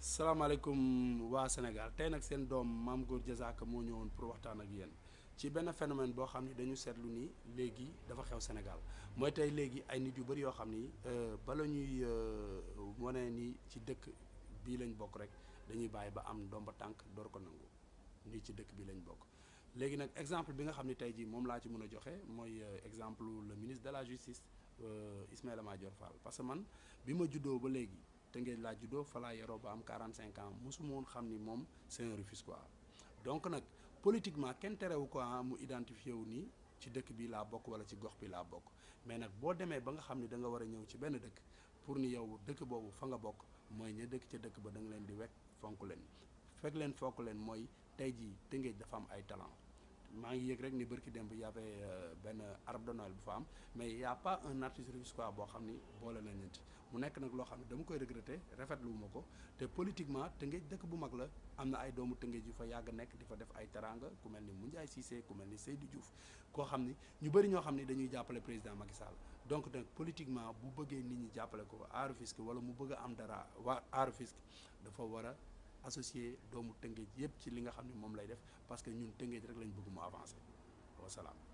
salaamaaleykum waa Sénégal tey nag seen doom maam Gor Diazaka moo ñëwoon pour waxtaan ak yéen ci benn phénomène boo xam ni dañu seetlu ni léegi dafa xew Sénégal mooy tey léegi ay nit yu bëri yoo xam ni euh, bala ñuy euh, wane ni ci dëkk bii lañ bokk rek dañuy bàyyi ba am doom ba tànk door ko nangu nii ci dëkk bii lañ bokk. léegi nag exemple bi nga xam ni tey jii moom laa ci mën a joxe mooy euh, exemple le ministre de la justice Ismaïla Madior Fall parce que man bi ma juddoo ba léegi. Tëngéej laa juddoo fa laa yoroo ba am 45 ans mosuma woon xam ni moom c'est un Rufisquois donc nag politiquement kenn terewu ko ah, mu identifié wu nii ci dëkk bi laa bokk wala ci gox bi laa bokk mais nag boo demee ba nga xam ni da nga war a ñëw ci benn dëkk pour ni yow dëkk boobu fa nga bokk mooy ña dëkk ca dëkk ba danga leen di wekk fonk leen fekk leen fonk leen mooy tey jii Tëngéej dafa am ay talent maa ngi yëg rek ni bërki démb y avait euh, benn arbre de bu fa am mais y a pas un boo xam ni boole na ñeenti mu nekk nag loo xam ne dama koy regretter rafetlu ma ko te politiquement Tëngéej dëkk bu mag la am na ay doomu Tëngéej yu fa yàgg nekk di fa def ay teranga ku mel ni Moundiaye Cissé ku mel ni Seydou Diouf koo xam ni ñu bëri ñoo xam ni dañuy jàppale président Macky Sall donc nag politiquement bu bëggee nit ñi jàppale ko Aar Rufisque wala mu bëgg am dara waa Aar Rufisque dafa war a associé doomu Tëngéej yëpp ci li nga xam ne moom lay def parce que ñun Tëngéej rek lañ bëgg mu salaam